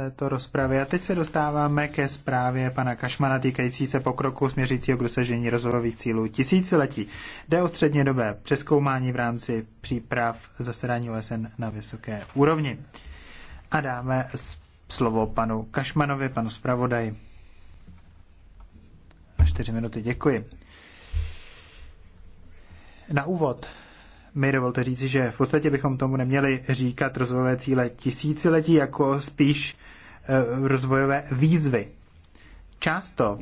této rozpravy. A teď se dostáváme ke zprávě pana Kašmana týkající se pokroku směřícího k dosažení rozvojových cílů tisíciletí. Jde o střednědobé přeskoumání v rámci příprav zasedání OSN na vysoké úrovni. A dáme slovo panu Kašmanovi, panu zpravodaji. Na čtyři minuty děkuji. Na úvod mi dovolte říci, že v podstatě bychom tomu neměli říkat rozvojové cíle tisíciletí, jako spíš eh, rozvojové výzvy. Často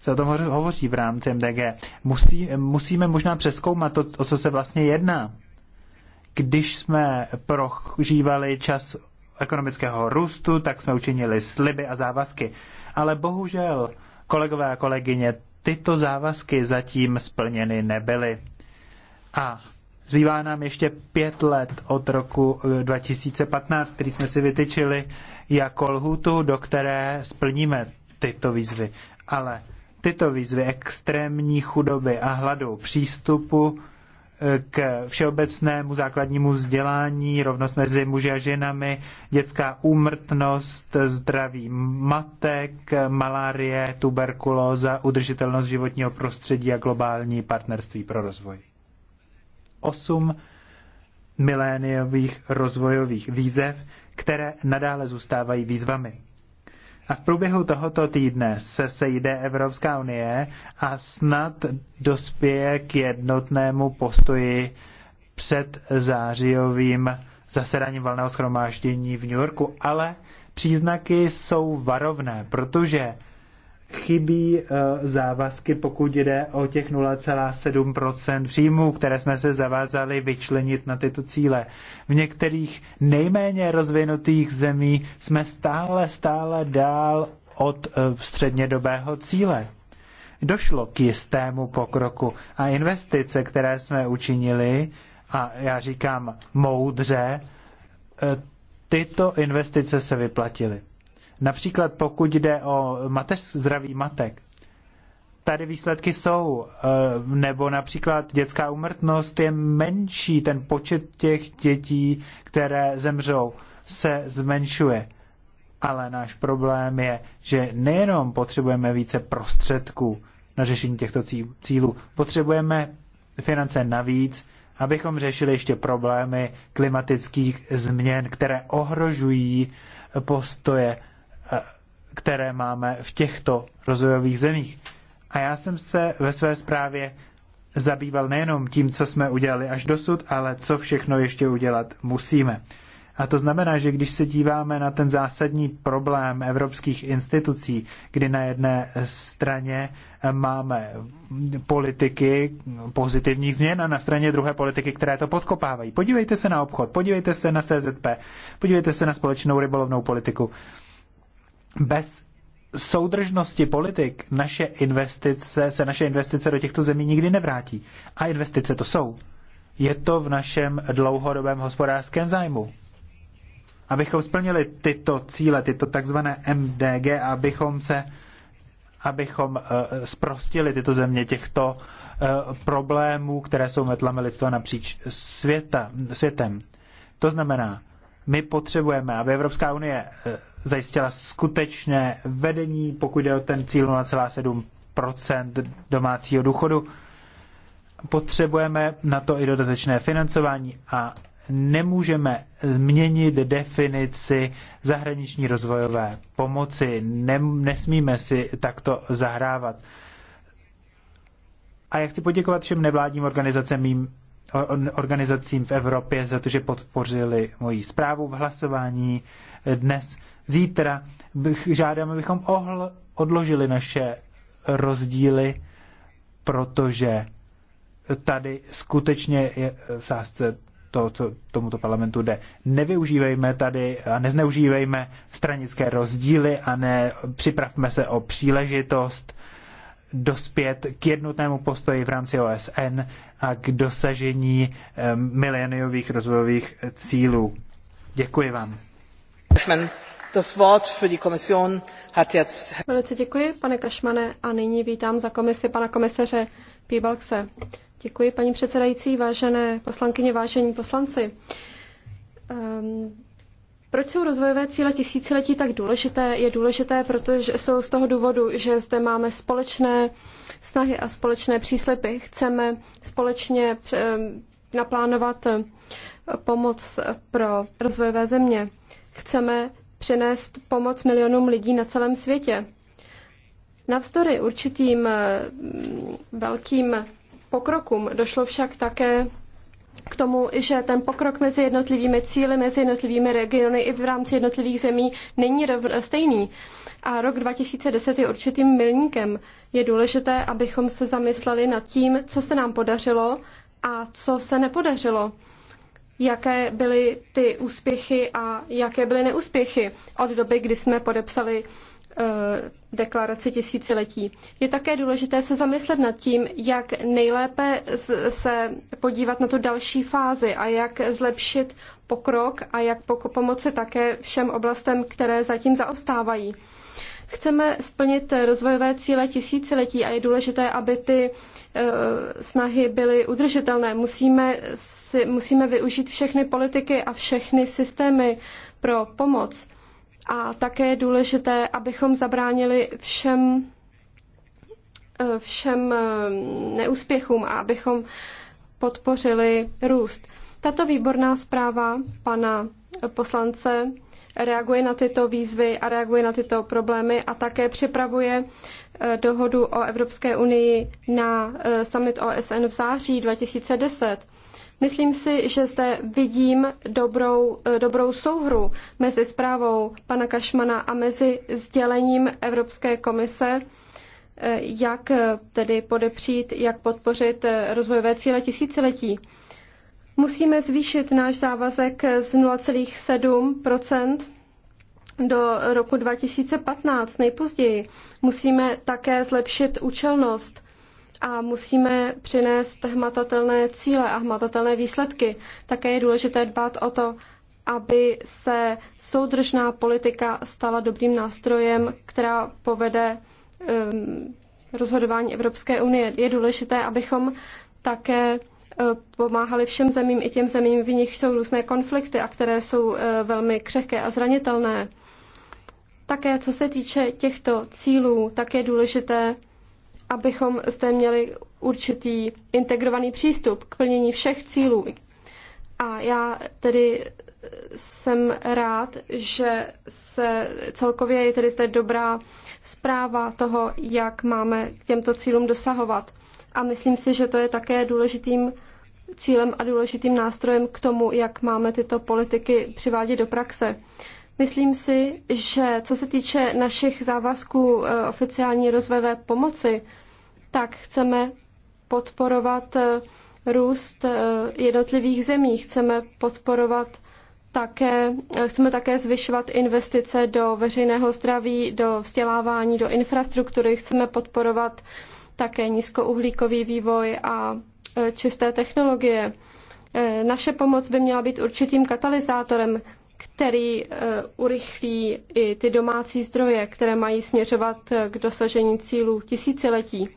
se o tom hovoří v rámci MDG. Musí, musíme možná přeskoumat to, o co se vlastně jedná. Když jsme prožívali čas ekonomického růstu, tak jsme učinili sliby a závazky. Ale bohužel, kolegové a kolegyně, tyto závazky zatím splněny nebyly. A Zbývá nám ještě pět let od roku 2015, eh, který jsme si vytyčili jako lhůtu, do které splníme tyto výzvy. Ale tyto výzvy extrémní chudoby a hladu, přístupu eh, k všeobecnému základnímu vzdělání, rovnost mezi muži a ženami, dětská úmrtnost, zdraví matek, malárie, tuberkulóza, udržitelnost životního prostředí a globální partnerství pro rozvoj osm miléniových rozvojových výzev, které nadále zůstávají výzvami. A v průběhu tohoto týdne se sejde Evropská unie a snad dospěje k jednotnému postoji před zářijovým zasedáním valného schromáždění v New Yorku, ale příznaky jsou varovné, protože chybí eh, závazky, pokud jde o těch 0,7 příjmů, které jsme se zavázali vyčlenit na tyto cíle. V některých nejméně rozvinutých zemí jsme stále, stále dál od eh, střednědobého cíle. Došlo k jistému pokroku a investice, které jsme učinili, a já říkám moudře, eh, tyto investice se vyplatily. Například pokud jde o mateř, zdraví matek, tady výsledky jsou, eh, nebo například dětská úmrtnost je menší, ten počet těch dětí, které zemřou, se zmenšuje. Ale náš problém je, že nejenom potřebujeme více prostředků na řešení těchto cílů, potřebujeme finance navíc, abychom řešili ještě problémy klimatických změn, které ohrožují postoje které máme v těchto rozvojových zemích. A já jsem se ve své zprávě zabýval nejenom tím, co jsme udělali až dosud, ale co všechno ještě udělat musíme. A to znamená, že když se díváme na ten zásadní problém evropských institucí, kdy na jedné straně máme politiky pozitivních změn a na straně druhé politiky, které to podkopávají. Podívejte se na obchod, podívejte se na CZP, podívejte se na společnou rybolovnou politiku. Bez soudržnosti politik naše investice, se naše investice do těchto zemí nikdy nevrátí. A investice to jsou. Je to v našem dlouhodobém hospodářském zájmu. Abychom splnili tyto cíle, tyto takzvané MDG, abychom se abychom sprostili eh, tyto země těchto eh, problémů, které jsou metlami lidstva napříč světa, světem. To znamená, my potřebujeme, aby Evropská unie eh, zajistila skutečné vedení, pokud jde o ten cíl 0,7 domácího důchodu. Potřebujeme na to i dodatečné financování a nemůžeme změnit definici zahraniční rozvojové pomoci. Nem, nesmíme si takto zahrávat. A já chci poděkovat všem nevládním organizacím, mým, organizacím v Evropě za to, že podpořili moji zprávu v hlasování dnes Zítra bych, žádám, abychom ohl, odložili naše rozdíly, protože tady skutečně je eh, v sázce to, co tomuto parlamentu jde. Nevyužívejme tady a nezneužívejme stranické rozdíly a ne připravme se o příležitost dospět k jednotnému postoji v rámci OSN a k dosažení eh, mileniových rozvojových cílů. Děkuji vám. Velice děkuji, pane Kašmane, a nyní vítám za komisi pana komisaře Píbalkse. Děkuji, paní předsedající, vážené poslankyně, vážení poslanci. Um, proč jsou rozvojové cíle tisíciletí tak důležité? Je důležité, protože jsou z toho důvodu, že zde máme společné snahy a společné příslepy. Chceme společně ehm, naplánovat eh, pomoc pro rozvojové země. Chceme Přenést pomoc milionům lidí na celém světě. Navzdory určitým eh, velkým pokrokům došlo však také k tomu, že ten pokrok mezi jednotlivými cíly, mezi jednotlivými regiony i v rámci jednotlivých zemí není eh, stejný. A rok 2010 je určitým milníkem. Je důležité, abychom se zamysleli nad tím, co se nám podařilo a co se nepodařilo jaké byly ty úspěchy a jaké byly neúspěchy od doby, kdy jsme podepsali eh, deklaraci tisíciletí. Je také důležité se zamyslet nad tím, jak nejlépe se podívat na tu další fázi a jak zlepšit pokrok a jak pomoci také všem oblastem, které zatím zaostávají. Chceme splnit rozvojové cíle tisíciletí a je důležité, aby ty Eh, snahy byly udržitelné. Musíme, si, musíme využít všechny politiky a všechny systémy pro pomoc. A také je důležité, abychom zabránili všem, eh, všem eh, neúspěchům a abychom podpořili růst. Tato výborná zpráva pana poslance reaguje na tyto výzvy a reaguje na tyto problémy a také připravuje eh, dohodu o Evropské unii na eh, summit OSN v září 2010. Myslím si, že zde vidím dobrou, eh, dobrou souhru mezi zprávou pana Kašmana a mezi sdělením Evropské komise, jak tedy podepřít, jak podpořit rozvojové cíle tisíciletí. Musíme zvýšit náš závazek z 0,7 do roku 2015 nejpozději. Musíme také zlepšit účelnost a musíme přinést hmatatelné cíle a hmatatelné výsledky. Také je důležité dbát o to, aby se soudržná politika stala dobrým nástrojem, která povede um, rozhodování Evropské unie. Je důležité, abychom také Eh, pomáhali všem zemím, i těm zemím, v nich jsou různé konflikty a které jsou eh, velmi křehké a zranitelné. Také co se týče těchto cílů, tak je důležité, abychom zde měli určitý integrovaný přístup k plnění všech cílů. A já tedy jsem rád, že se celkově je tedy zde dobrá zpráva toho, jak máme k těmto cílům dosahovat. A myslím si, že to je také důležitým cílem a důležitým nástrojem k tomu, jak máme tyto politiky přivádět do praxe. Myslím si, že co se týče našich závazků eh, oficiální rozvojové pomoci, tak chceme podporovat eh, růst eh, jednotlivých zemí, chceme podporovat také, chceme také zvyšovat investice do veřejného zdraví, do vzdělávání, do infrastruktury, chceme podporovat také nízkouhlíkový vývoj a Eh, čisté technologie. Eh, naše pomoc by měla být určitým katalyzátorem, který eh, urychlí i ty domácí zdroje, které mají směřovat k dosažení cílů tisíciletí.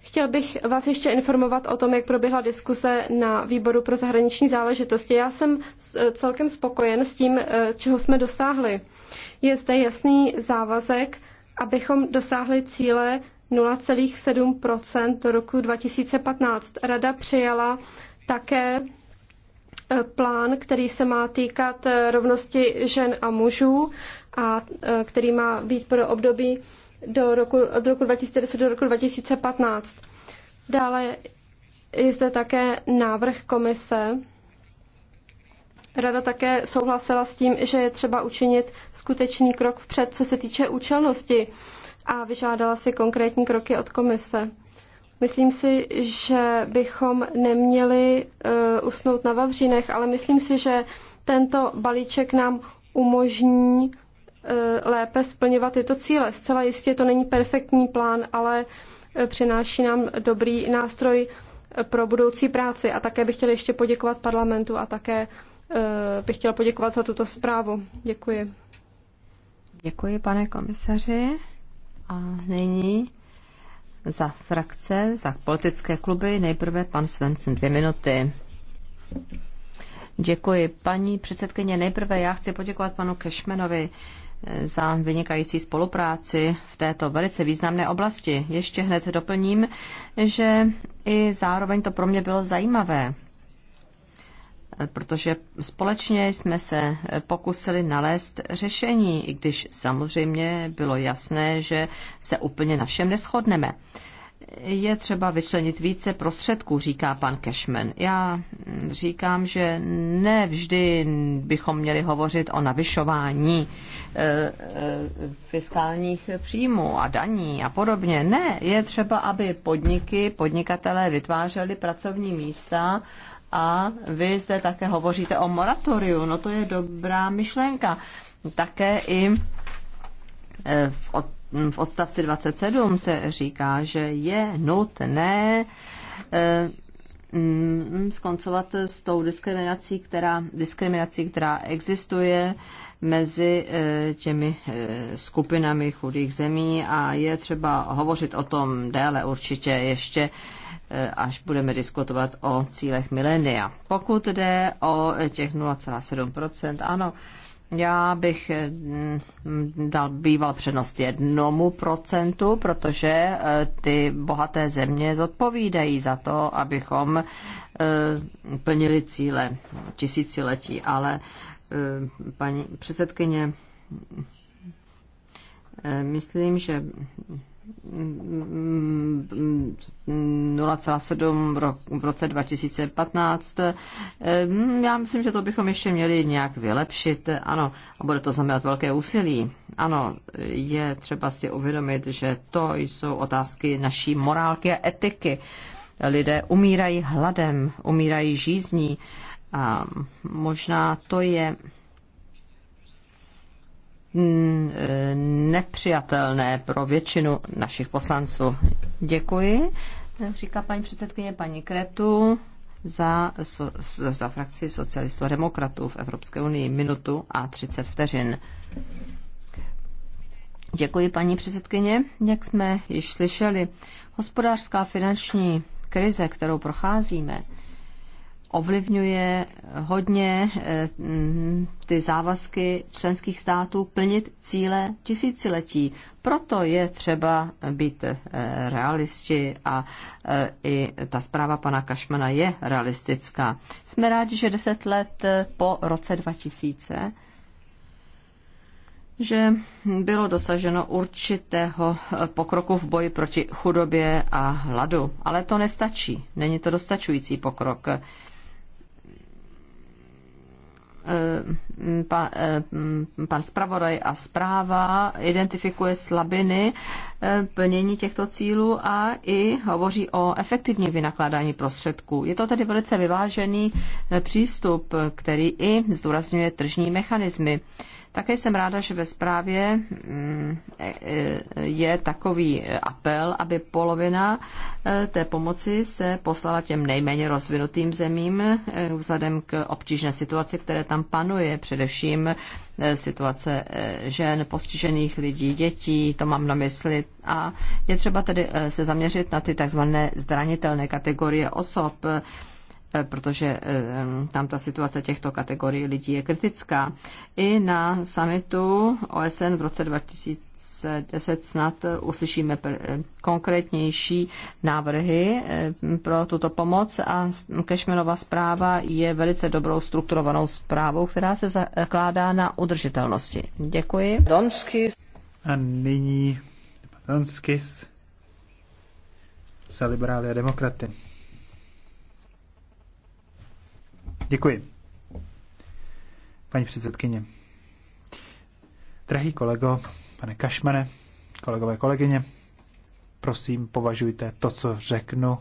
Chtěl bych vás ještě informovat o tom, jak proběhla diskuse na výboru pro zahraniční záležitosti. Já jsem celkem spokojen s tím, čeho jsme dosáhli. Je zde jasný závazek, abychom dosáhli cíle 0,7 do roku 2015. Rada přijala také eh, plán, který se má týkat eh, rovnosti žen a mužů a eh, který má být pro období do roku, od roku 2010 do roku 2015. Dále je zde také návrh komise. Rada také souhlasila s tím, že je třeba učinit skutečný krok vpřed, co se týče účelnosti a vyžádala si konkrétní kroky od komise. Myslím si, že bychom neměli uh, usnout na Vavřínech, ale myslím si, že tento balíček nám umožní uh, lépe splňovat tyto cíle. Zcela jistě to není perfektní plán, ale uh, přináší nám dobrý nástroj pro budoucí práci. A také bych chtěla ještě poděkovat parlamentu a také uh, bych chtěla poděkovat za tuto zprávu. Děkuji. Děkuji, pane komisaři. A nyní za frakce, za politické kluby, nejprve pan Svensson, dvě minuty. Děkuji. Paní předsedkyně, nejprve já chci poděkovat panu Kešmenovi eh, za vynikající spolupráci v této velice významné oblasti. Ještě hned doplním, že i zároveň to pro mě bylo zajímavé protože společně jsme se pokusili nalézt řešení, i když samozřejmě bylo jasné, že se úplně na všem neschodneme. Je třeba vyčlenit více prostředků, říká pan Cashman. Já říkám, že ne vždy bychom měli hovořit o navyšování eh, eh, fiskálních příjmů a daní a podobně. Ne, je třeba, aby podniky, podnikatelé vytvářeli pracovní místa a vy zde také hovoříte o moratoriu. No to je dobrá myšlenka. Také i e, v, odstavci 27 se říká, že je nutné e, skoncovat s tou diskriminací, která, diskriminací, která existuje mezi e, těmi skupinami chudých zemí a je třeba hovořit o tom déle určitě ještě Eh, až budeme diskutovat o cílech milénia. Pokud jde o těch 0,7%, ano, já bych mm, dal býval přednost jednomu procentu, protože eh, ty bohaté země zodpovídají za to, abychom eh, plnili cíle tisíciletí, ale paní předsedkyně, myslím, že 0,7 v roce 2015. Ehm, já myslím, že to bychom ještě měli nějak vylepšit. Ano, a bude to znamenat velké úsilí. Ano, je třeba si uvědomit, že to jsou otázky naší morálky a etiky. Lidé umírají hladem, umírají žízní a možná to je Mm, eh, nepřijatelné pro většinu našich poslanců. Děkuji, eh, říká paní předsedkyně paní Kretu za, so, za frakci socialistů a demokratů v Evropské unii minutu a 30 vteřin. Děkuji, paní předsedkyně. Jak jsme již slyšeli, hospodářská finanční krize, kterou procházíme, ovlivňuje hodně eh, ty závazky členských států plnit cíle tisíciletí. Proto je třeba být eh, realisti a eh, i ta zpráva pana Kašmana je realistická. Jsme rádi, že deset let po roce 2000 že bylo dosaženo určitého pokroku v boji proti chudobě a hladu. Ale to nestačí. Není to dostačující pokrok. Eh, pan, eh, pan zpravodaj a zpráva identifikuje slabiny eh, plnění těchto cílů a i hovoří o efektivní vynakládání prostředků. Je to tedy velice vyvážený přístup, který i zdůrazňuje tržní mechanismy. Také jsem ráda, že ve zprávě mm, e, e, je takový apel, aby polovina e, té pomoci se poslala těm nejméně rozvinutým zemím vzhledem k obtížné situaci, které tam panuje, především situace žen, postižených lidí, dětí, to mám na mysli. A je třeba tedy se zaměřit na ty takzvané zranitelné kategorie osob, Eh, protože eh, tam ta situace těchto kategorií lidí je kritická. I na summitu OSN v roce 2010 snad uslyšíme konkrétnější návrhy eh, pro tuto pomoc a Kešmenová zpráva je velice dobrou strukturovanou zprávou, která se zakládá na udržitelnosti. Děkuji. Donskis. A nyní Donskis za liberály demokraty. Děkuji. Paní předsedkyně. Drahý kolego, pane Kašmane, kolegové, kolegyně, prosím, považujte to, co řeknu,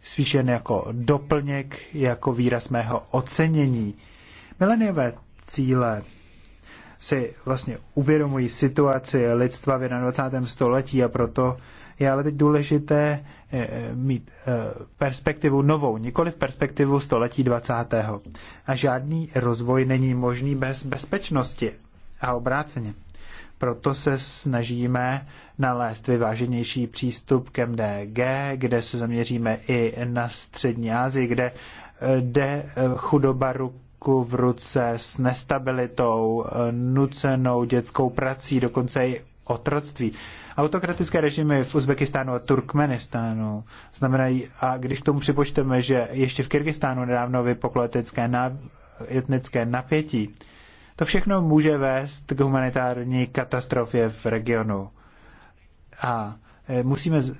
spíš jen jako doplněk, jako výraz mého ocenění. Mileniové cíle si vlastně uvědomují situaci lidstva v 21. století a proto je ale teď důležité eh, mít eh, perspektivu novou, nikoli v perspektivu století 20. A žádný rozvoj není možný bez bezpečnosti a obráceně. Proto se snažíme nalézt vyváženější přístup k MDG, kde se zaměříme i na střední Asii, kde eh, jde chudoba ruku v ruce s nestabilitou, nucenou dětskou prací, dokonce i otroctví. Autokratické režimy v Uzbekistánu a Turkmenistánu znamenají, a když k tomu připočteme, že ještě v Kyrgyzstánu nedávno etnické, na, etnické napětí, to všechno může vést k humanitární katastrofě v regionu. A e, musíme e,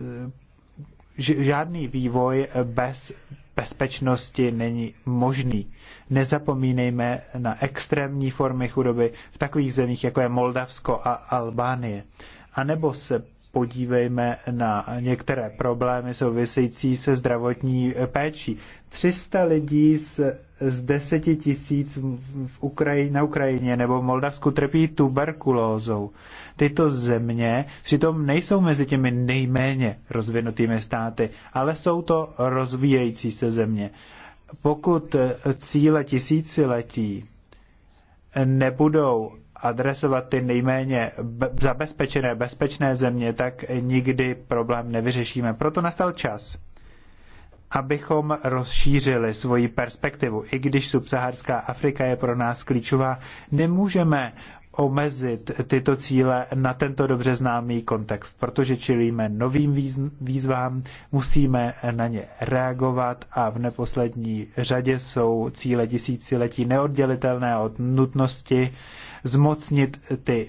žádný vývoj bez bezpečnosti není možný. Nezapomínejme na extrémní formy chudoby v takových zemích, jako je Moldavsko a Albánie. A nebo se podívejme na některé problémy související se zdravotní péčí. 300 lidí z, z 10 tisíc v Ukraji, na Ukrajině nebo v Moldavsku trpí tuberkulózou. Tyto země přitom nejsou mezi těmi nejméně rozvinutými státy, ale jsou to rozvíjející se země. Pokud cíle tisíciletí nebudou adresovat ty nejméně zabezpečené, bezpečné země, tak nikdy problém nevyřešíme. Proto nastal čas, abychom rozšířili svoji perspektivu. I když subsaharská Afrika je pro nás klíčová, nemůžeme omezit tyto cíle na tento dobře známý kontext, protože čelíme novým výzvám, musíme na ně reagovat a v neposlední řadě jsou cíle tisíciletí neoddělitelné od nutnosti zmocnit ty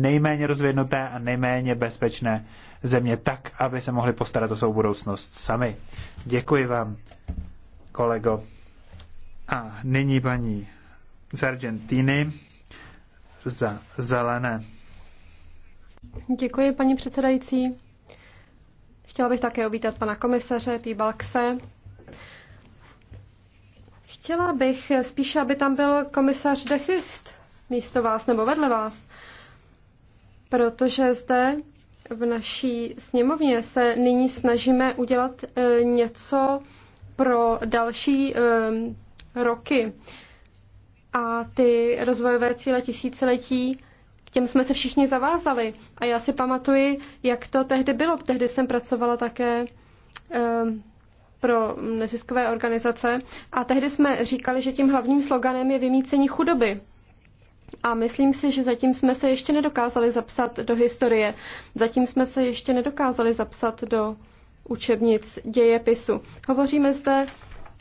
nejméně rozvinuté a nejméně bezpečné země tak, aby se mohli postarat o svou budoucnost sami. Děkuji vám, kolego. A nyní paní z Argentiny za zelené. Děkuji, paní předsedající. Chtěla bych také uvítat pana komisaře Píbalkse. Chtěla bych spíše, aby tam byl komisař De místo vás nebo vedle vás, protože zde v naší sněmovně se nyní snažíme udělat eh, něco pro další eh, roky a ty rozvojové cíle tisíciletí, k těm jsme se všichni zavázali. A já si pamatuji, jak to tehdy bylo. Tehdy jsem pracovala také um, pro neziskové organizace a tehdy jsme říkali, že tím hlavním sloganem je vymícení chudoby. A myslím si, že zatím jsme se ještě nedokázali zapsat do historie. Zatím jsme se ještě nedokázali zapsat do učebnic dějepisu. Hovoříme zde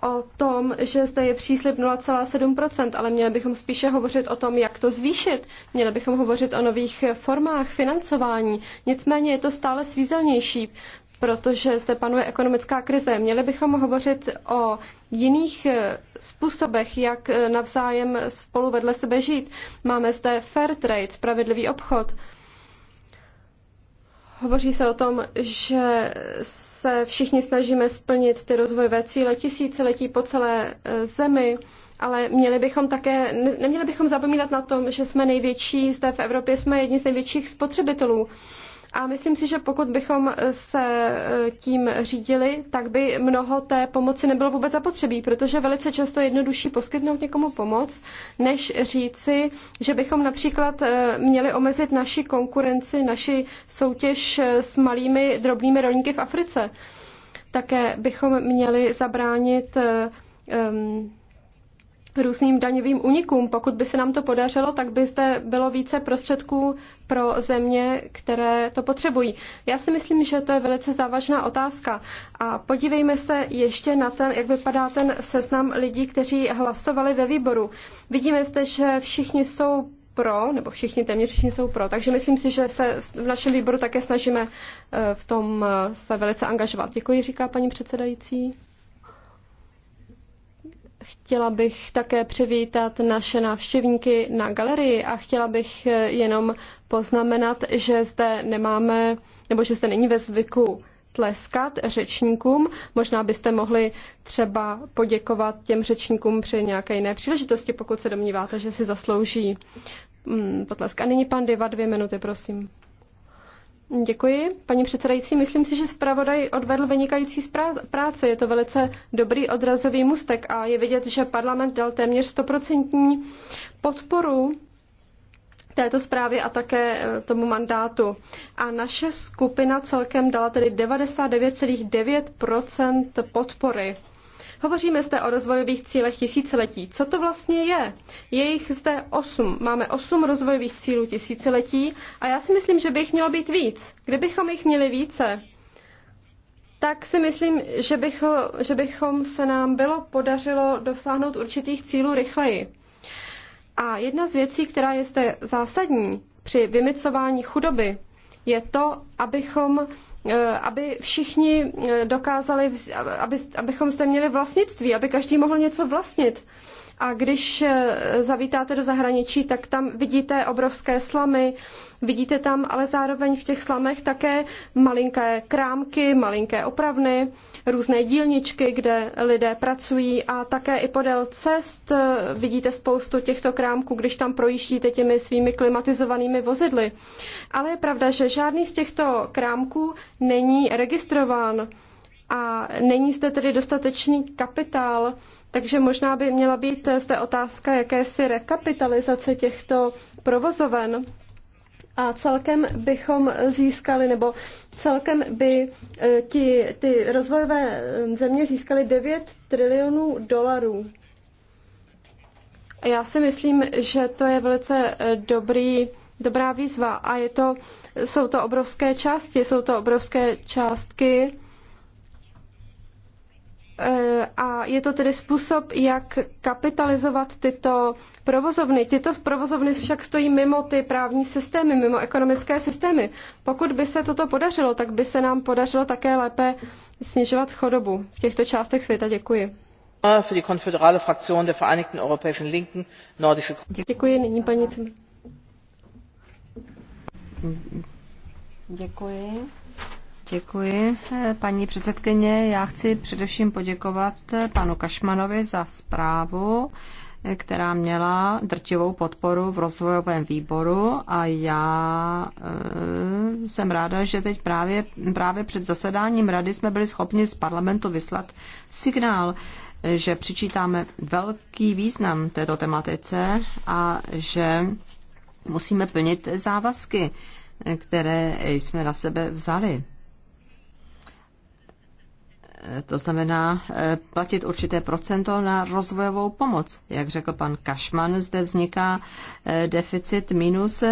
o tom, že zde je příslip 0,7%, ale měli bychom spíše hovořit o tom, jak to zvýšit. Měli bychom hovořit o nových formách financování. Nicméně je to stále svízelnější, protože zde panuje ekonomická krize. Měli bychom hovořit o jiných eh, způsobech, jak eh, navzájem spolu vedle sebe žít. Máme zde fair trade, spravedlivý obchod. Hovoří se o tom, že se všichni snažíme splnit ty rozvojové cíle tisíciletí po celé e, zemi, ale měli bychom také, neměli bychom zapomínat na tom, že jsme největší, zde v Evropě jsme jedni z největších spotřebitelů. A myslím si, že pokud bychom eh, se eh, tím řídili, tak by mnoho té pomoci nebylo vůbec zapotřebí, protože velice často je jednodušší poskytnout někomu pomoc, než říci, že bychom například eh, měli omezit naši konkurenci, naši soutěž s malými drobnými rolníky v Africe. Také bychom měli zabránit um, různým daňovým unikům. Pokud by se nám to podařilo, tak by zde bylo více prostředků pro země, které to potřebují. Já si myslím, že to je velice závažná otázka. A podívejme se ještě na ten, jak vypadá ten seznam lidí, kteří hlasovali ve výboru. Vidíme zde, že všichni jsou pro, nebo všichni, téměř všichni jsou pro. Takže myslím si, že se v našem výboru také snažíme eh, v tom eh, se velice angažovat. Děkuji, říká paní předsedající. Chtěla bych také přivítat naše návštěvníky na galerii a chtěla bych jenom poznamenat, že zde nemáme, nebo že zde není ve zvyku tleskat řečníkům. Možná byste mohli třeba poděkovat těm řečníkům při nějaké jiné příležitosti, pokud se domníváte, že si zaslouží mm, potlesk. A nyní pan Diva, dvě minuty, prosím. Děkuji. Paní předsedající, myslím si, že zpravodaj odvedl vynikající práce Je to velice dobrý odrazový mustek a je vidět, že parlament dal téměř stoprocentní podporu této zprávě a také eh, tomu mandátu. A naše skupina celkem dala tedy 99,9 podpory. Hovoříme zde o rozvojových cílech tisíciletí. Co to vlastně je? Je jich zde osm. Máme osm rozvojových cílů tisíciletí a já si myslím, že by jich mělo být víc. Kdybychom jich měli více, tak si myslím, že, bych, že bychom se nám bylo podařilo dosáhnout určitých cílů rychleji. A jedna z věcí, která je zde zásadní při vymycování chudoby, je to, abychom Eh, aby všichni eh, dokázali, aby, abychom zde měli vlastnictví, aby každý mohl něco vlastnit. A když eh, zavítáte do zahraničí, tak tam vidíte obrovské slamy, vidíte tam ale zároveň v těch slamech také malinké krámky, malinké opravny, různé dílničky, kde lidé pracují a také i podél cest eh, vidíte spoustu těchto krámků, když tam projíždíte těmi svými klimatizovanými vozidly. Ale je pravda, že žádný z těchto krámků není registrován a není zde tedy dostatečný kapitál, takže možná by měla být eh, zde otázka jakési rekapitalizace těchto provozoven a celkem bychom získali, nebo celkem by eh, ti, ty rozvojové eh, země získaly 9 trilionů dolarů. Já si myslím, že to je velice dobrý, dobrá výzva a je to, jsou to obrovské části, jsou to obrovské částky, Eh, a je to tedy způsob, jak kapitalizovat tyto provozovny. Tyto provozovny však stojí mimo ty právní systémy, mimo ekonomické systémy. Pokud by se toto podařilo, tak by se nám podařilo také lépe snižovat chodobu v těchto částech světa. Děkuji. Děkuji, nyní paní Děkuji. Děkuji. Eh, paní předsedkyně, já chci především poděkovat eh, panu Kašmanovi za zprávu, eh, která měla drtivou podporu v rozvojovém výboru a já jsem ráda, že teď právě, právě před zasedáním rady jsme byli schopni z parlamentu vyslat signál, že přičítáme velký význam této tematice a že musíme plnit závazky, které jsme na sebe vzali to znamená eh, platit určité procento na rozvojovou pomoc. Jak řekl pan Kašman, zde vzniká eh, deficit minus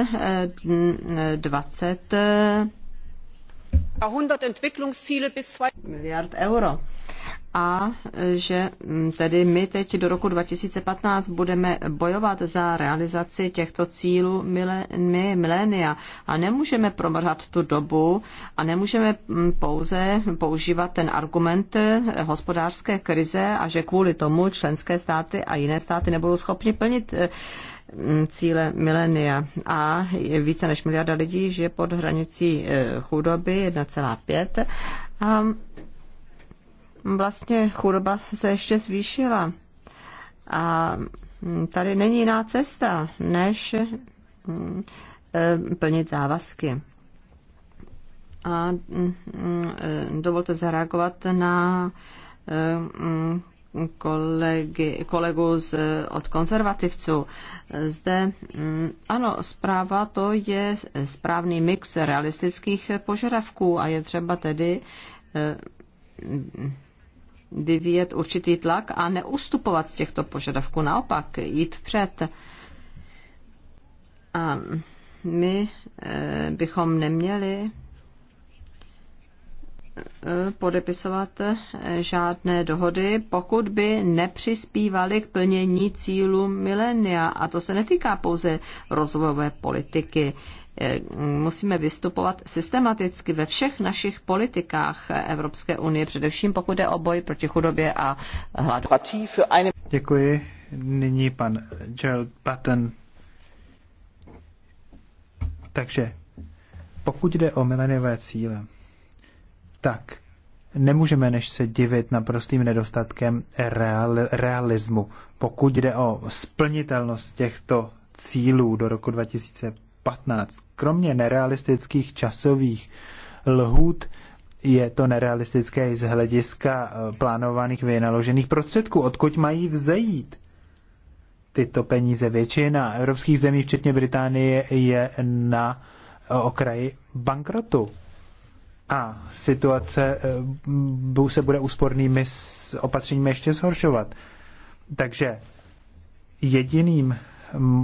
20 eh, miliard euro a že mm, tedy my teď do roku 2015 budeme bojovat za realizaci těchto cílů milénia a nemůžeme promrhat tu dobu a nemůžeme mm, pouze používat ten argument eh, hospodářské krize a že kvůli tomu členské státy a jiné státy nebudou schopni plnit eh, mm, cíle milénia a více než miliarda lidí žije pod hranicí eh, chudoby 1,5 a vlastně chudoba se ještě zvýšila. A tady není jiná cesta, než mm, eh, plnit závazky. A mm, eh, dovolte zareagovat na eh, mm, kolegy, kolegu z, od konzervativců. Zde, ano, zpráva to je správný mix realistických požadavků a je třeba tedy vyvíjet určitý tlak a neustupovat z těchto požadavků, naopak jít před. A my eh, bychom neměli eh, podepisovat eh, žádné dohody, pokud by nepřispívaly k plnění cílů milénia. A to se netýká pouze rozvojové politiky. Eh, musíme vystupovat systematicky ve všech našich politikách Evropské unie, především pokud jde o boj proti chudobě a hladu. Děkuji. Nyní pan Gerald Patton. Takže pokud jde o mileniové cíle, tak nemůžeme než se divit na prostým nedostatkem real, realismu, pokud jde o splnitelnost těchto cílů do roku 2050 15. Kromě nerealistických časových lhůt je to nerealistické z hlediska eh, plánovaných vynaložených prostředků. Odkud mají vzejít tyto peníze? Většina evropských zemí, včetně Británie, je na eh, okraji bankrotu. A situace eh, se bude úspornými opatřeními ještě zhoršovat. Takže jediným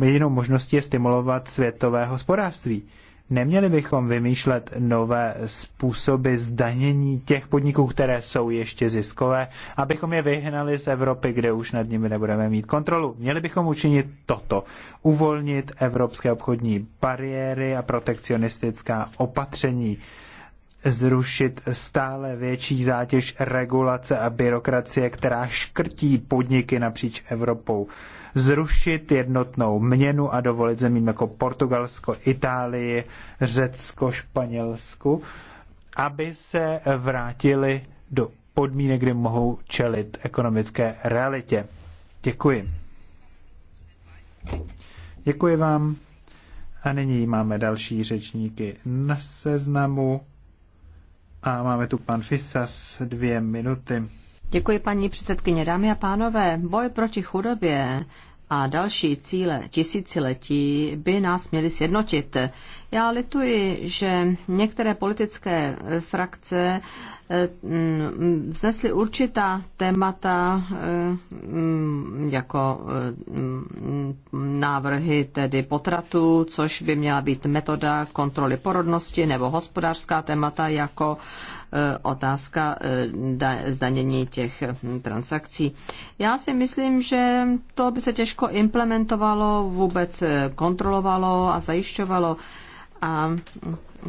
jedinou možností je stimulovat světové hospodářství. Neměli bychom vymýšlet nové způsoby zdanění těch podniků, které jsou ještě ziskové, abychom je vyhnali z Evropy, kde už nad nimi nebudeme mít kontrolu. Měli bychom učinit toto. Uvolnit evropské obchodní bariéry a protekcionistická opatření zrušit stále větší zátěž regulace a byrokracie, která škrtí podniky napříč Evropou. Zrušit jednotnou měnu a dovolit zemím jako Portugalsko, Itálii, Řecko, Španělsku, aby se vrátili do podmínek, kdy mohou čelit ekonomické realitě. Děkuji. Děkuji vám. A nyní máme další řečníky na seznamu. A máme tu pan Fisas, dvě minuty. Děkuji paní předsedkyně. Dámy a pánové, boj proti chudobě a další cíle tisíciletí by nás měly sjednotit. Já lituji, že některé politické eh, frakce eh, mm, vznesly určitá témata eh, mm, jako mm, návrhy tedy potratu, což by měla být metoda kontroly porodnosti nebo hospodářská témata jako otázka zdanění těch hm, transakcí. Já si myslím, že to by se těžko implementovalo, vůbec kontrolovalo a zajišťovalo. A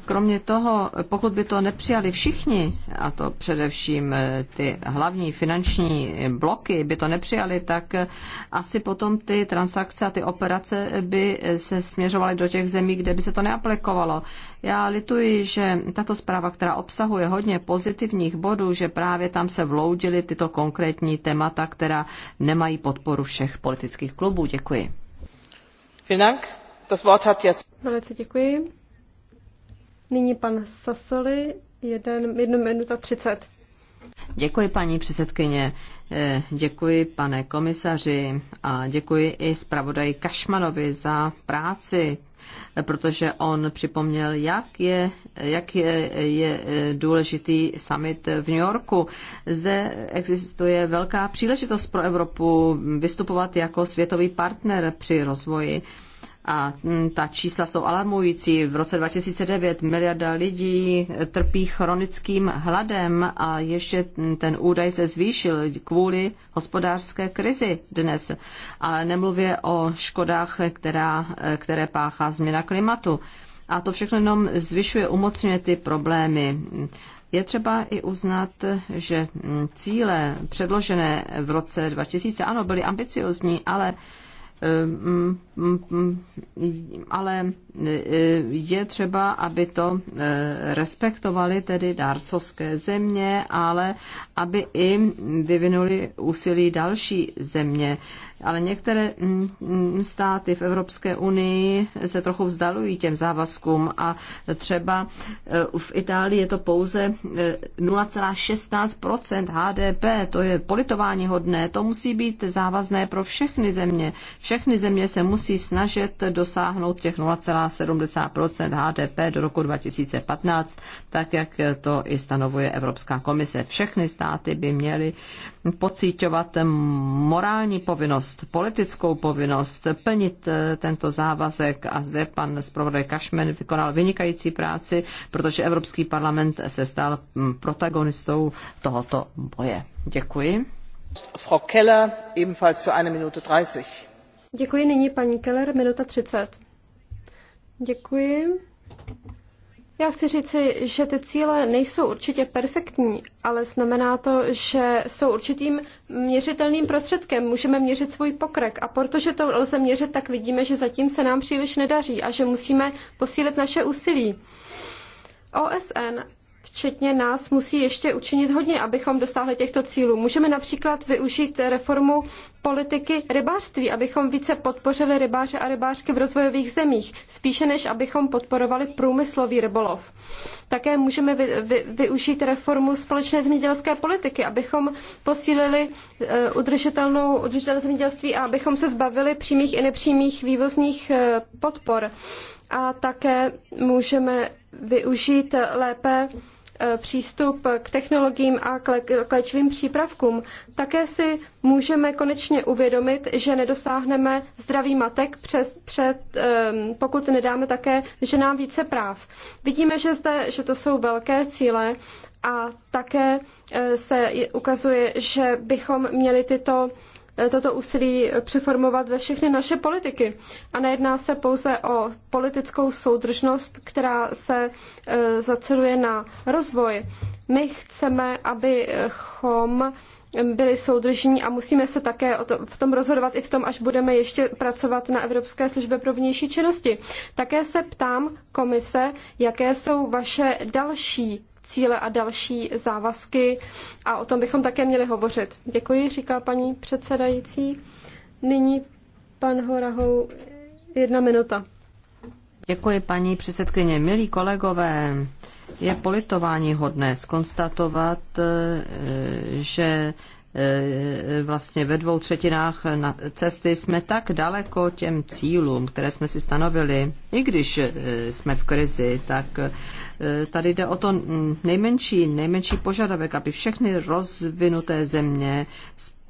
kromě toho, pokud by to nepřijali všichni, a to především eh, ty hlavní finanční bloky by to nepřijali, tak eh, asi potom ty transakce a ty operace by eh, se směřovaly do těch zemí, kde by se to neaplikovalo. Já lituji, že tato zpráva, která obsahuje hodně pozitivních bodů, že právě tam se vloudily tyto konkrétní témata, která nemají podporu všech politických klubů. Děkuji. Vielen Dank. Das Wort hat jetzt. Velice děkuji. Nyní pan Sasoli, jeden, jednu minuta třicet. Děkuji, paní předsedkyně, eh, děkuji, pane komisaři a děkuji i zpravodaji Kašmanovi za práci, protože on připomněl, jak je, jak je, je eh, důležitý summit v New Yorku. Zde existuje velká příležitost pro Evropu vystupovat jako světový partner při rozvoji a mm, ta čísla jsou alarmující. V roce 2009 miliarda lidí trpí chronickým hladem a ještě ten údaj se zvýšil kvůli hospodářské krizi dnes. A nemluvě o škodách, která, které páchá změna klimatu. A to všechno jenom zvyšuje, umocňuje ty problémy. Je třeba i uznat, že mm, cíle předložené v roce 2000, ano, byly ambiciozní, ale ale eh, je třeba, aby to eh, respektovali tedy dárcovské země, ale aby i vyvinuli úsilí další země ale některé mm, mm, státy v Evropské unii se trochu vzdalují těm závazkům a třeba eh, v Itálii je to pouze 0,16 eh, HDP, to je politování hodné, to musí být závazné pro všechny země. Všechny země se musí snažit dosáhnout těch 0,70 HDP do roku 2015, tak jak to i stanovuje Evropská komise. Všechny státy by měly pocítovat morální povinnost povinnost, politickou povinnost plnit eh, tento závazek a zde pan zpravodaj Kašmen vykonal vynikající práci, protože Evropský parlament se stal mm, protagonistou tohoto boje. Děkuji. Frau Keller, ebenfalls für eine Minute 30. Děkuji nyní paní Keller, minuta 30. Děkuji. Já chci říci, že ty cíle nejsou určitě perfektní, ale znamená to, že jsou určitým měřitelným prostředkem. Můžeme měřit svůj pokrok a protože to lze měřit, tak vidíme, že zatím se nám příliš nedaří a že musíme posílit naše úsilí. OSN včetně nás, musí ještě učinit hodně, abychom dosáhli těchto cílů. Můžeme například využít reformu politiky rybářství, abychom více podpořili rybáře a rybářky v rozvojových zemích, spíše než abychom podporovali průmyslový rybolov. Také můžeme vy, vy, využít reformu společné zemědělské politiky, abychom posílili uh, udržitelnou udržitelné zemědělství a abychom se zbavili přímých i nepřímých vývozních uh, podpor. A také můžeme využít lépe E, přístup k technologiím a k léčivým přípravkům. Také si můžeme konečně uvědomit, že nedosáhneme zdraví matek, přes, před, pokud nedáme také ženám více práv. Vidíme, že, zde, že to jsou velké cíle a také e, se ukazuje, že bychom měli tyto toto úsilí přeformovat ve všechny naše politiky. A nejedná se pouze o politickou soudržnost, která se e, zaceluje na rozvoj. My chceme, abychom byli soudržní a musíme se také o to, v tom rozhodovat i v tom, až budeme ještě pracovat na Evropské službě pro vnější činnosti. Také se ptám komise, jaké jsou vaše další cíle a další závazky a o tom bychom také měli hovořit. Děkuji, říká paní předsedající. Nyní pan Horahou jedna minuta. Děkuji, paní předsedkyně. Milí kolegové, je politování hodné skonstatovat, eh, že Eh, vlastně ve dvou třetinách cesty jsme tak daleko těm cílům, které jsme si stanovili, i když eh, jsme v krizi, tak eh, tady jde o to nejmenší, nejmenší požadavek, aby všechny rozvinuté země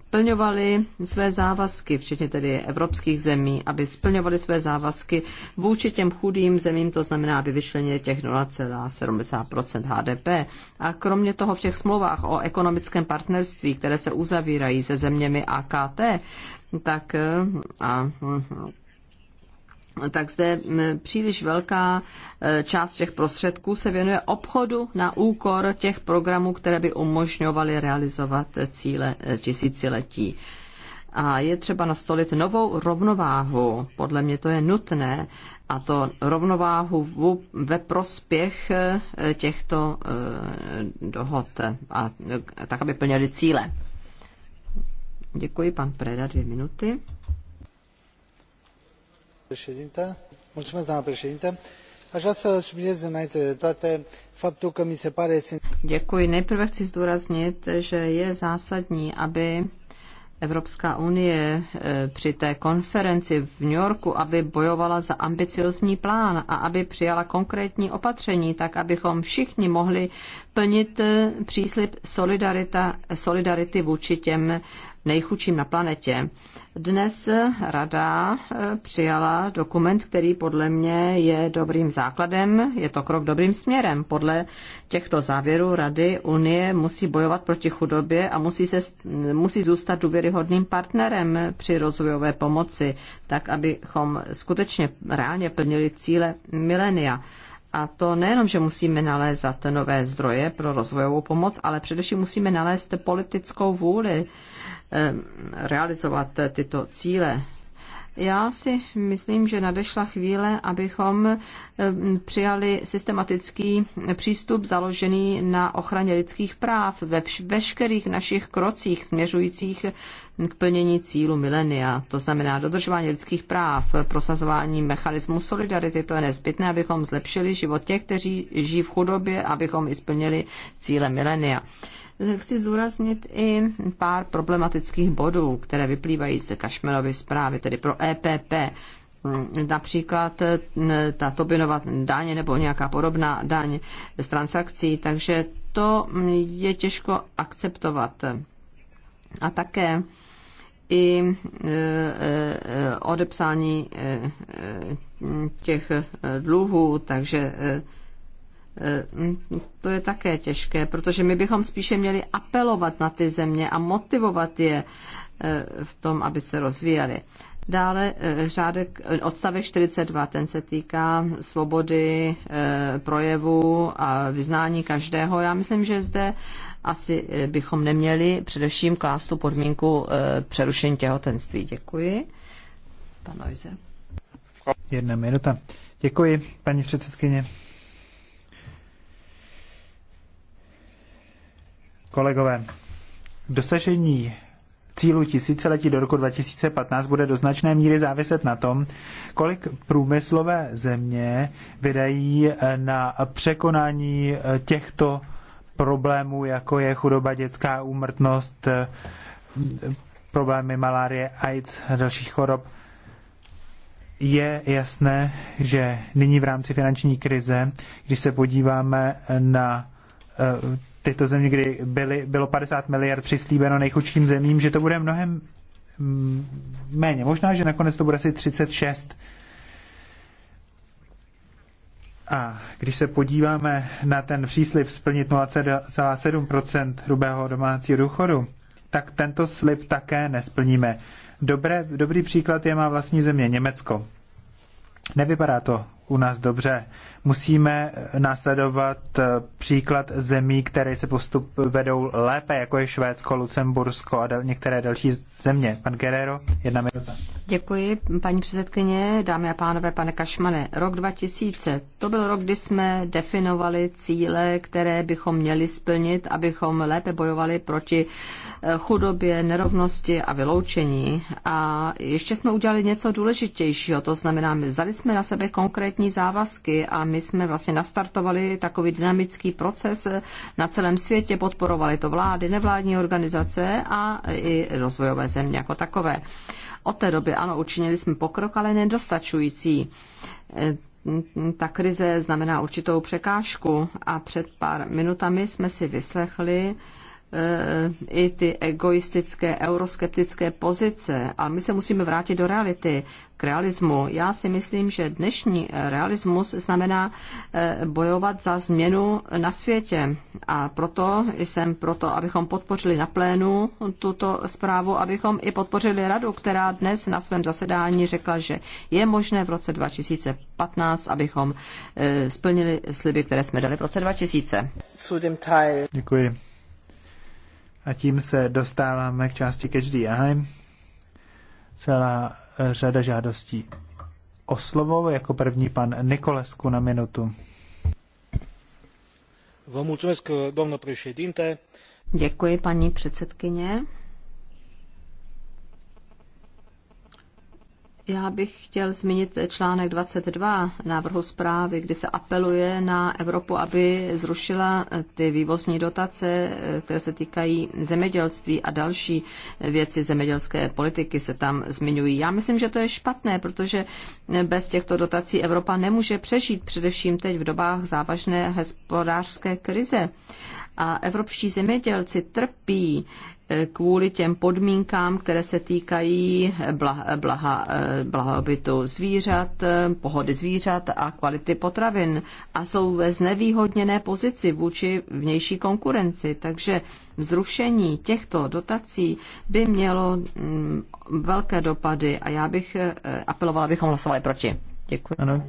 splňovali své závazky, včetně tedy evropských zemí, aby splňovali své závazky vůči těm chudým zemím, to znamená, aby vyčlenili těch 0,70 HDP. A kromě toho v těch smlouvách o ekonomickém partnerství, které se uzavírají se zeměmi AKT, tak eh, a hm, hm, tak zde příliš velká e, část těch prostředků se věnuje obchodu na úkor těch programů, které by umožňovaly realizovat e, cíle e, tisíciletí. A je třeba nastolit novou rovnováhu. Podle mě to je nutné. A to rovnováhu ve prospěch těchto dohod. A tak, aby plněli cíle. Děkuji, pan Preda, dvě minuty a mi se Nejprve chci zdůraznit, že je zásadní, aby Evropská unie e, při té konferenci v New Yorku, aby bojovala za ambiciozní plán a aby přijala konkrétní opatření, tak abychom všichni mohli plnit e, příslip solidarita, solidarity vůči těm nejchudším na planetě. Dnes rada eh, přijala dokument, který podle mě je dobrým základem, je to krok dobrým směrem. Podle těchto závěrů rady Unie musí bojovat proti chudobě a musí, se, musí zůstat důvěryhodným partnerem při rozvojové pomoci, tak abychom skutečně reálně plnili cíle milenia. A to nejenom, že musíme nalézat nové zdroje pro rozvojovou pomoc, ale především musíme nalézt politickou vůli Eh, realizovat tyto cíle. Já si myslím, že nadešla chvíle, abychom eh, přijali systematický přístup založený na ochraně lidských práv ve veškerých našich krocích směřujících k plnění cílu milenia, to znamená dodržování lidských práv, prosazování mechanismu solidarity, to je nezbytné, abychom zlepšili život těch, kteří žijí v chudobě, abychom i splnili cíle milenia chci zúraznit i pár problematických bodů, které vyplývají z Kašmelovy zprávy, tedy pro EPP například ta Tobinova daň nebo nějaká podobná daň z transakcí, takže to je těžko akceptovat. A také i e, e, odepsání e, těch dluhů, takže Eh, to je také těžké, protože my bychom spíše měli apelovat na ty země a motivovat je eh, v tom, aby se rozvíjely. Dále eh, řádek odstave 42, ten se týká svobody projevu a vyznání každého. Já myslím, že zde asi bychom neměli především klást tu podmínku přerušení těhotenství. Děkuji. Pan Neuser. Jedna minuta. Děkuji, paní předsedkyně. Kolegové, dosažení cílu tisíciletí do roku 2015 bude do značné míry záviset na tom, kolik průmyslové země vydají eh, na překonání eh, těchto problémů, jako je chudoba, dětská úmrtnost, eh, problémy malárie, AIDS a dalších chorob. Je jasné, že nyní v rámci finanční krize, když se podíváme na těchto země, kdy byly, bylo 50 miliard přislíbeno nejchudším zemím, že to bude mnohem mm, méně. Možná, že nakonec to bude asi 36. A když se podíváme na ten příslip splnit 0,7 hrubého domácího důchodu, tak tento slib také nesplníme. Dobré, dobrý příklad je má vlastní země Německo. Nevypadá to u nás dobře. Musíme následovat eh, příklad zemí, které se postup vedou lépe, jako je Švédsko, Lucembursko a některé další země. Pan Guerrero, jedna minuta. Děkuji, paní předsedkyně, dámy a pánové, pane Kašmane. Rok 2000, to byl rok, kdy jsme definovali cíle, které bychom měli splnit, abychom lépe bojovali proti eh, chudobě, nerovnosti a vyloučení. A ještě jsme udělali něco důležitějšího, to znamená, vzali jsme na sebe konkrétní konkrétní závazky a my jsme vlastně nastartovali takový dynamický proces na celém světě, podporovali to vlády, nevládní organizace a i rozvojové země jako takové. Od té doby, ano, učinili jsme pokrok, ale nedostačující ta krize znamená určitou překážku a před pár minutami jsme si vyslechli Eh, i ty egoistické, euroskeptické pozice. A my se musíme vrátit do reality, k realismu. Já si myslím, že dnešní realismus znamená eh, bojovat za změnu na světě. A proto jsem proto, abychom podpořili na plénu tuto zprávu, abychom i podpořili radu, která dnes na svém zasedání řekla, že je možné v roce 2015, abychom eh, splnili sliby, které jsme dali v roce 2000. Děkuji. A tím se dostáváme k části Catch the Eye. Celá řada žádostí o slovo, jako první pan Nikolesku na minutu. Vă mulțumesc, domnul președinte. Děkuji, paní předsedkyně. Já bych chtěl zmínit článek 22 návrhu zprávy, kdy se apeluje na Evropu, aby zrušila ty vývozní dotace, které se týkají zemědělství a další věci zemědělské politiky se tam zmiňují. Já myslím, že to je špatné, protože bez těchto dotací Evropa nemůže přežít, především teď v dobách závažné hospodářské krize. A evropští zemědělci trpí kvůli těm podmínkám, které se týkají blaha, blaha, blahobytu zvířat, pohody zvířat a kvality potravin a jsou ve znevýhodněné pozici vůči vnější konkurenci. Takže zrušení těchto dotací by mělo mm, velké dopady a já bych eh, apelovala, abychom hlasovali proti. Děkuji. Ano,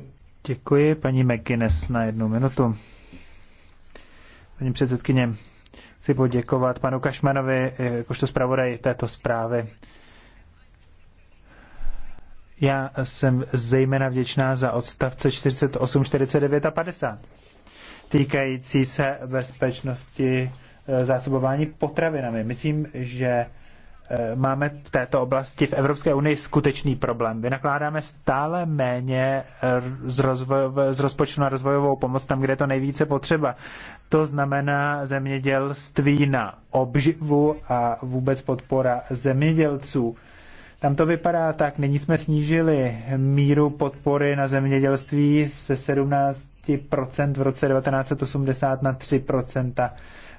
děkuji paní McGuinness na jednu minutu. Paní předsedkyně, chci poděkovat panu Kašmanovi, eh, jakožto zpravodaj této zprávy. Já jsem zejména vděčná za odstavce 48, 49 a 50 týkající se bezpečnosti eh, zásobování potravinami. Myslím, že Eh, máme v této oblasti v Evropské unii skutečný problém. Vynakládáme stále méně eh, z, rozvoj, z rozpočtu na rozvojovou pomoc tam, kde je to nejvíce potřeba. To znamená zemědělství na obživu a vůbec podpora zemědělců. Tam to vypadá tak, nyní jsme snížili míru podpory na zemědělství ze 17% v roce 1980 na 3%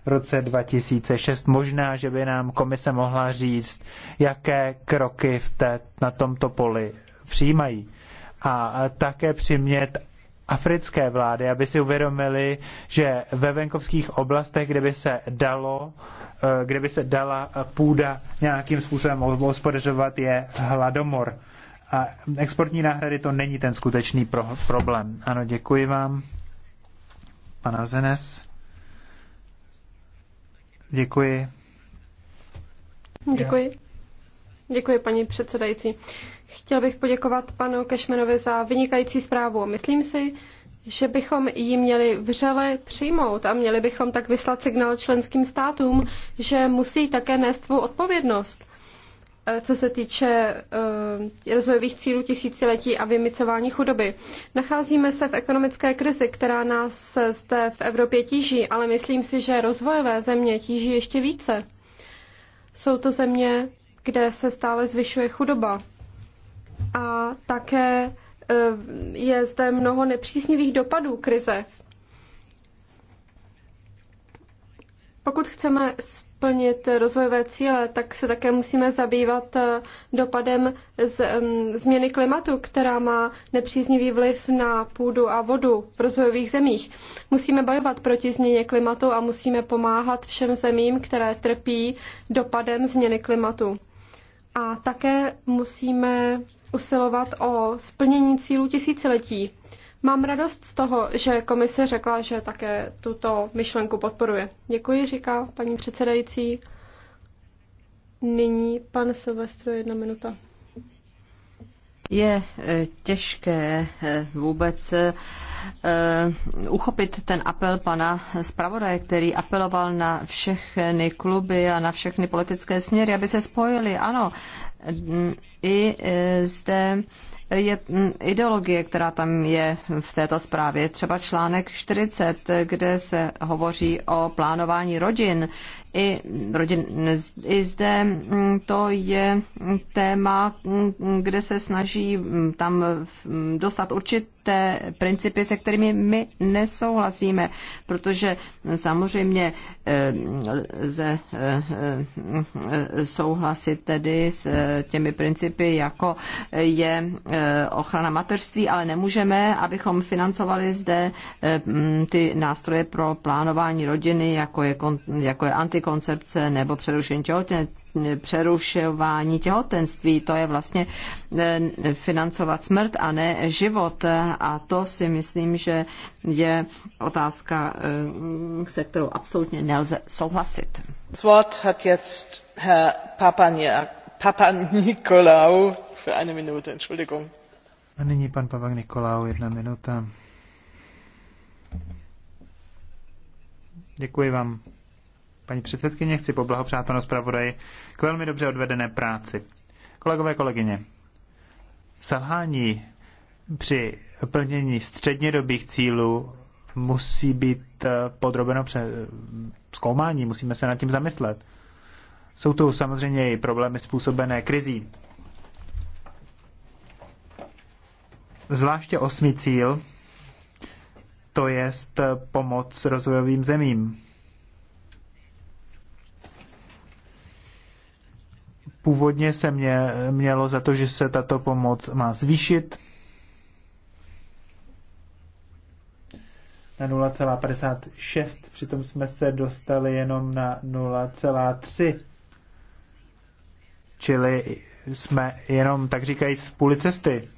v roce 2006. Možná, že by nám komise mohla říct, jaké kroky v té, na tomto poli přijímají. A také přimět africké vlády, aby si uvědomili, že ve venkovských oblastech, kde by se dalo, eh, kde by se dala půda nějakým způsobem hospodařovat, je hladomor. A exportní náhrady to není ten skutečný pro- problém. Ano, děkuji vám. Pana Zenes. Děkuji. Děkuji. Děkuji, paní předsedající. Chtěl bych poděkovat panu Kešmenovi za vynikající zprávu. Myslím si, že bychom ji měli vřele přijmout a měli bychom tak vyslat signál členským státům, že musí také nést svou odpovědnost co se týče eh, rozvojových cílů tisíciletí a vymicování chudoby. Nacházíme se v ekonomické krizi, která nás zde v Evropě tíží, ale myslím si, že rozvojové země tíží ještě více. Jsou to země, kde se stále zvyšuje chudoba. A také eh, je zde mnoho nepříznivých dopadů krize. Pokud chceme plnit rozvojové cíle, tak se také musíme zabývat eh, dopadem z, um, změny klimatu, která má nepříznivý vliv na půdu a vodu v rozvojových zemích. Musíme bojovat proti změně klimatu a musíme pomáhat všem zemím, které trpí dopadem změny klimatu. A také musíme usilovat o splnění cílů tisíciletí. Mám radost z toho, že komise řekla, že také tuto myšlenku podporuje. Děkuji, říká paní předsedající. Nyní pan Silvestro, jedna minuta. Je eh, těžké eh, vůbec eh, uchopit ten apel pana zpravodaje, který apeloval na všechny kluby a na všechny politické směry, aby se spojili. Ano, mm, i zde je mm, ideologie, která tam je v této zprávě. Třeba článek 40, kde se hovoří o plánování rodin. I, rodin, i zde mm, to je téma, mm, kde se snaží tam dostat určité principy, se kterými my nesouhlasíme, protože samozřejmě eh, lze eh, eh, souhlasit tedy s těmi principy, jako je Eh, ochrana mateřství, ale nemůžeme, abychom financovali zde eh, ty nástroje pro plánování rodiny, jako je, jako je antikoncepce nebo přerušení těhotenství přerušování těhotenství. To je vlastně eh, financovat smrt a ne život. A to si myslím, že je otázka, se kterou absolutně nelze souhlasit. Das Wort hat jetzt Herr Papa, Papa Nikolau für eine Minute, Entschuldigung. A nyní pan Pavel Nikolau, jedna minuta. Děkuji vám. Paní předsedkyně, chci poblahopřát panu zpravodaji k velmi dobře odvedené práci. Kolegové, kolegyně, selhání při plnění střednědobých cílů musí být eh, podrobeno pře- zkoumání, musíme se nad tím zamyslet. Jsou tu samozřejmě i problémy způsobené krizí. Zvláště osmý cíl, to je pomoc rozvojovým zemím. Původně se mě, mělo za to, že se tato pomoc má zvýšit na 0,56, přitom jsme se dostali jenom na 0,3. Čili jsme jenom, tak říkají, z půli cesty.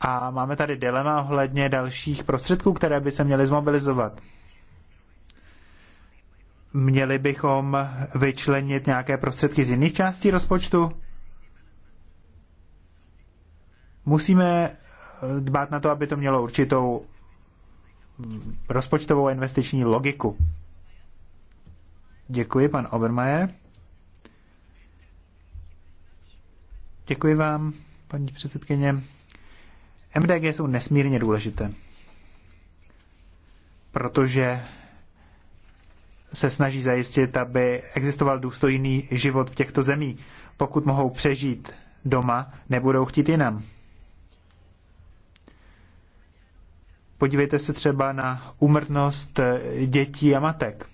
A máme tady dilema ohledně dalších prostředků, které by se měly zmobilizovat. Měli bychom vyčlenit nějaké prostředky z jiných částí rozpočtu? Musíme eh, dbát na to, aby to mělo určitou rozpočtovou a investiční logiku. Děkuji, pan Obermajer. Děkuji vám, paní předsedkyně. MDG jsou nesmírně důležité, protože se snaží zajistit, aby existoval důstojný život v těchto zemích. Pokud mohou přežít doma, nebudou chtít jinam. Podívejte se třeba na úmrtnost dětí a matek.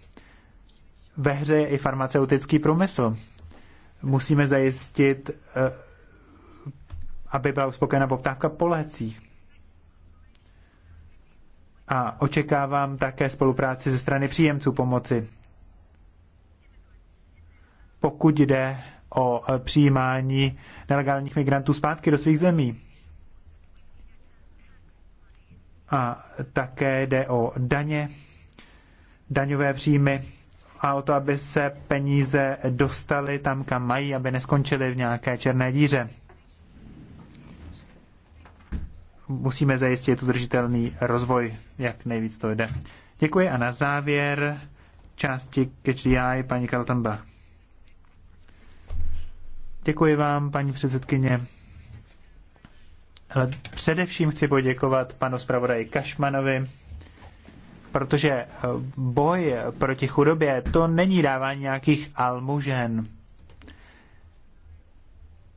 Ve hře je i farmaceutický průmysl. Musíme zajistit eh, aby byla uspokojena poptávka po lécích. A očekávám také spolupráci ze strany příjemců pomoci. Pokud jde o přijímání nelegálních migrantů zpátky do svých zemí. A také jde o daně, daňové příjmy a o to, aby se peníze dostaly tam, kam mají, aby neskončily v nějaké černé díře musíme zajistit udržitelný rozvoj, jak nejvíc to jde. Děkuji a na závěr části KHDI paní Kaltamba. Děkuji vám, paní předsedkyně. Ale především chci poděkovat panu zpravodaji Kašmanovi, protože eh, boj proti chudobě to není dávání nějakých almužen.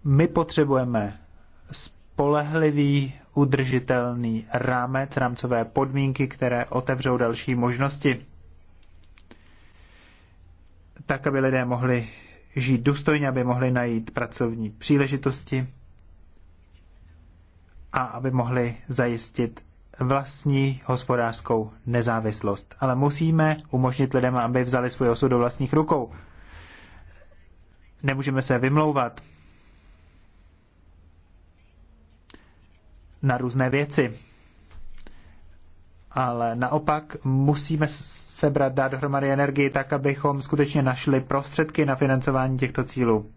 My potřebujeme spolehlivý udržitelný rámec, rámcové podmínky, které otevřou další možnosti. Tak, aby lidé mohli žít důstojně, aby mohli najít pracovní příležitosti a aby mohli zajistit vlastní hospodářskou nezávislost. Ale musíme umožnit lidem, aby vzali svůj osud do vlastních rukou. Nemůžeme se vymlouvat na různé věci. Ale naopak musíme sebrat, dát dohromady energii tak, abychom skutečně našli prostředky na financování těchto cílů.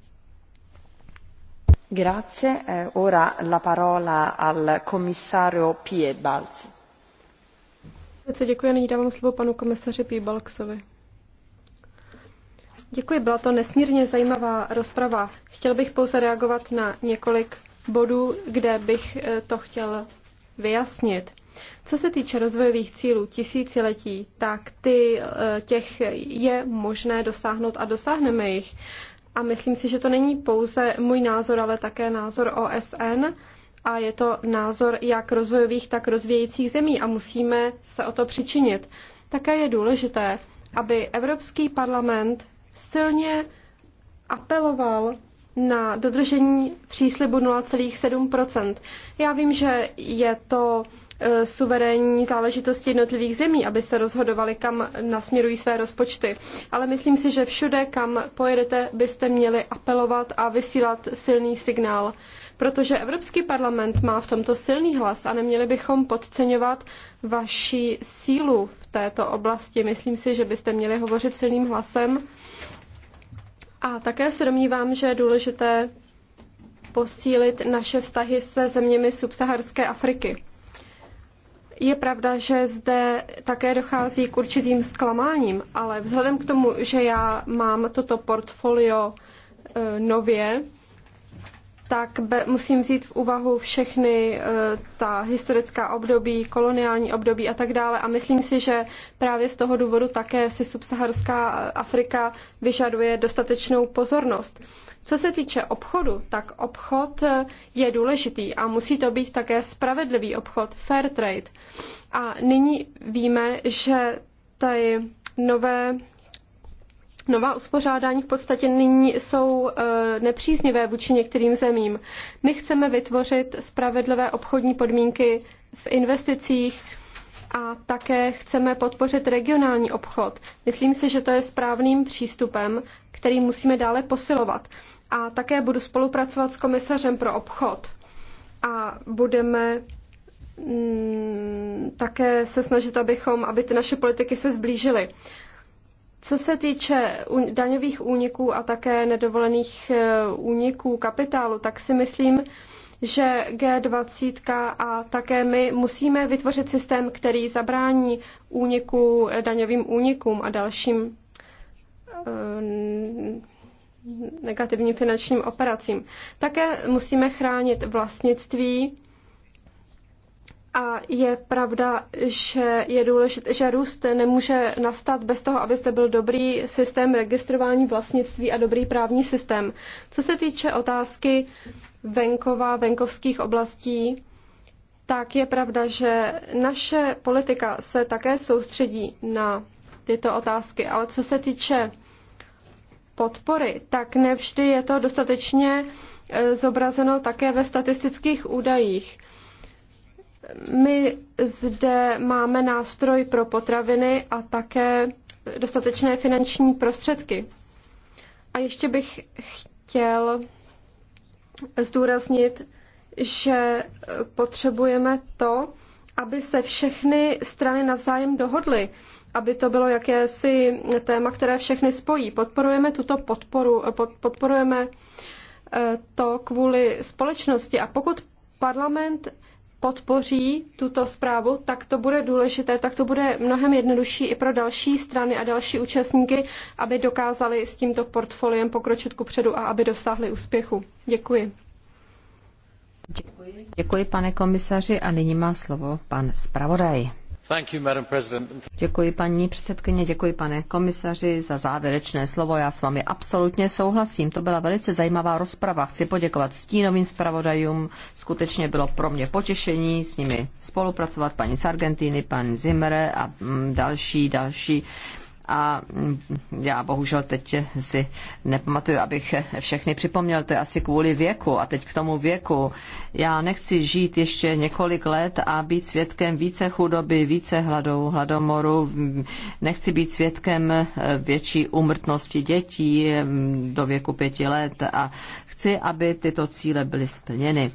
Grazie. Eh, ora la parola al commissario Piebalgs. Děkuji, nyní dávám slovo panu komisaři Piebalgsovi. Děkuji, byla to nesmírně zajímavá rozprava. Chtěl bych pouze reagovat na několik bodů, kde bych eh, to chtěl vyjasnit. Co se týče rozvojových cílů tisíciletí, tak ty, eh, těch je možné dosáhnout a dosáhneme jich. A myslím si, že to není pouze můj názor, ale také názor OSN a je to názor jak rozvojových, tak rozvíjejících zemí a musíme se o to přičinit. Také je důležité, aby Evropský parlament silně apeloval na dodržení příslibu 0,7 Já vím, že je to e, suverénní záležitosti jednotlivých zemí, aby se rozhodovali, kam nasměrují své rozpočty. Ale myslím si, že všude, kam pojedete, byste měli apelovat a vysílat silný signál, protože Evropský parlament má v tomto silný hlas a neměli bychom podceňovat vaši sílu v této oblasti. Myslím si, že byste měli hovořit silným hlasem a také se domnívám, že je důležité posílit naše vztahy se zeměmi subsaharské Afriky. Je pravda, že zde také dochází k určitým zklamáním, ale vzhledem k tomu, že já mám toto portfolio eh, nově, tak be, musím vzít v úvahu všechny eh, ta historická období, koloniální období a tak dále. A myslím si, že právě z toho důvodu také si subsaharská Afrika vyžaduje dostatečnou pozornost. Co se týče obchodu, tak obchod eh, je důležitý a musí to být také spravedlivý obchod, fair trade. A nyní víme, že tady nové nová uspořádání v podstatě nyní jsou eh, nepříznivé vůči některým zemím. My chceme vytvořit spravedlivé obchodní podmínky v investicích a také chceme podpořit regionální obchod. Myslím si, že to je správným přístupem, který musíme dále posilovat. A také budu spolupracovat s komisařem pro obchod a budeme mm, také se snažit, abychom, aby ty naše politiky se zblížily. Co se týče daňových úniků a také nedovolených e, úniků kapitálu, tak si myslím, že G20 a také my musíme vytvořit systém, který zabrání úniku, e, daňovým únikům a dalším e, negativním finančním operacím. Také musíme chránit vlastnictví a je pravda, že je důležité, že růst nemůže nastat bez toho, abyste byl dobrý systém registrování vlastnictví a dobrý právní systém. Co se týče otázky venkova, venkovských oblastí, tak je pravda, že naše politika se také soustředí na tyto otázky, ale co se týče podpory, tak nevždy je to dostatečně eh, zobrazeno také ve statistických údajích my zde máme nástroj pro potraviny a také dostatečné finanční prostředky. A ještě bych chtěl zdůraznit, že potřebujeme to, aby se všechny strany navzájem dohodly, aby to bylo jakési téma, které všechny spojí. Podporujeme tuto podporu, podporujeme eh, to kvůli společnosti. A pokud parlament podpoří tuto zprávu, tak to bude důležité, tak to bude mnohem jednodušší i pro další strany a další účastníky, aby dokázali s tímto portfoliem pokročit ku předu a aby dosáhli úspěchu. Děkuji. Děkuji, Děkuji pane komisaři, a nyní má slovo pan zpravodaj. Děkuji paní předsedkyně, děkuji pane komisaři za závěrečné slovo. Já s vámi absolutně souhlasím. To byla velice zajímavá rozprava. Chci poděkovat stínovým zpravodajům. Skutečně bylo pro mě potěšení s nimi spolupracovat. Paní Sargentini, pan Zimmer a mm, další, další a já bohužel teď si nepamatuju, abych všechny připomněl, to je asi kvůli věku a teď k tomu věku. Já nechci žít ještě několik let a být svědkem více chudoby, více hladou, hladomoru, nechci být svědkem větší umrtnosti dětí do věku pěti let a chci, aby tyto cíle byly splněny.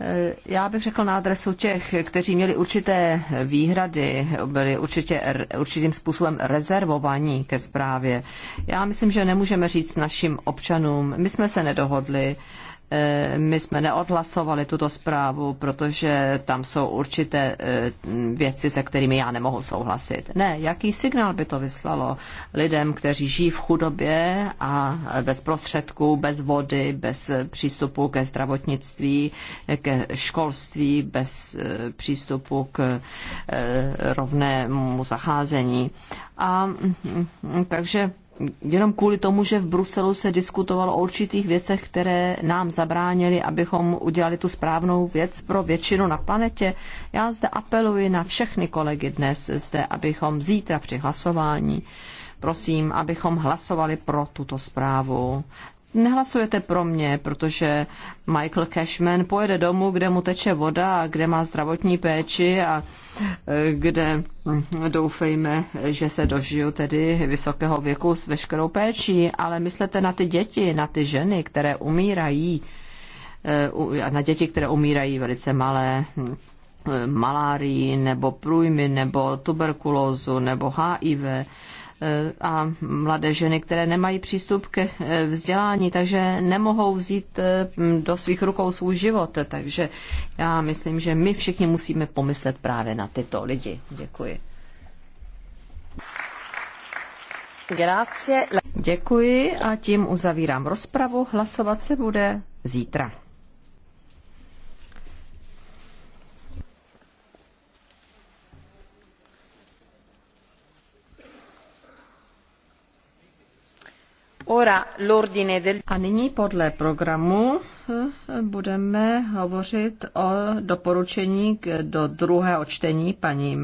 Eh, já bych řekl na adresu těch, kteří měli určité výhrady, byli určitě, určitým způsobem rezervovaní ke zprávě. Já myslím, že nemůžeme říct našim občanům, my jsme se nedohodli, Eh, my jsme neodhlasovali tuto zprávu, protože tam jsou určité eh, věci, se kterými já nemohu souhlasit. Ne, jaký signál by to vyslalo lidem, kteří žijí v chudobě a bez prostředků, bez vody, bez eh, přístupu ke zdravotnictví, ke školství, bez přístupu k rovnému zacházení. A mm, mm, takže jenom kvůli tomu, že v Bruselu se diskutovalo o určitých věcech, které nám zabránili, abychom udělali tu správnou věc pro většinu na planetě. Já zde apeluji na všechny kolegy dnes zde, abychom zítra při hlasování prosím, abychom hlasovali pro tuto zprávu nehlasujete pro mě, protože Michael Cashman pojede domů, kde mu teče voda a kde má zdravotní péči a e, kde hm, doufejme, že se dožiju tedy vysokého věku s veškerou péčí, ale myslete na ty děti, na ty ženy, které umírají, e, na děti, které umírají velice malé, hm, e, malárii, nebo průjmy, nebo tuberkulózu, nebo HIV, Eh, a mladé ženy, které nemají přístup ke eh, vzdělání, takže nemohou vzít eh, do svých rukou svůj život. Takže já myslím, že my všichni musíme pomyslet právě na tyto lidi. Děkuji. Děkuji a tím uzavírám rozpravu. Hlasovat se bude zítra. A nyní podle programu eh, budeme hovořit o doporučení do druhého čtení paní